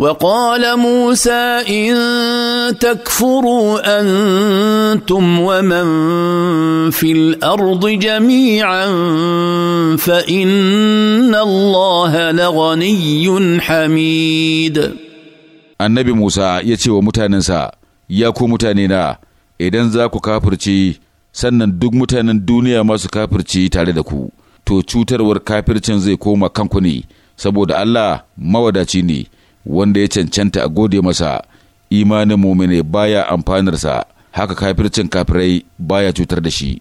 وقال موسى ان تكفروا انتم ومن في الارض جميعا فان الله لغني حميد annabi Musa ya ce wa mutanensa, Ya ku mutanena, idan za ku kafirci, sannan duk mutanen duniya masu kafirci tare da ku, to cutarwar kafircin zai koma kanku ne, saboda Allah mawadaci ne. wanda ya cancanta a gode masa imanin mumine baya amfanarsa haka kafircin kafirai baya cutar da shi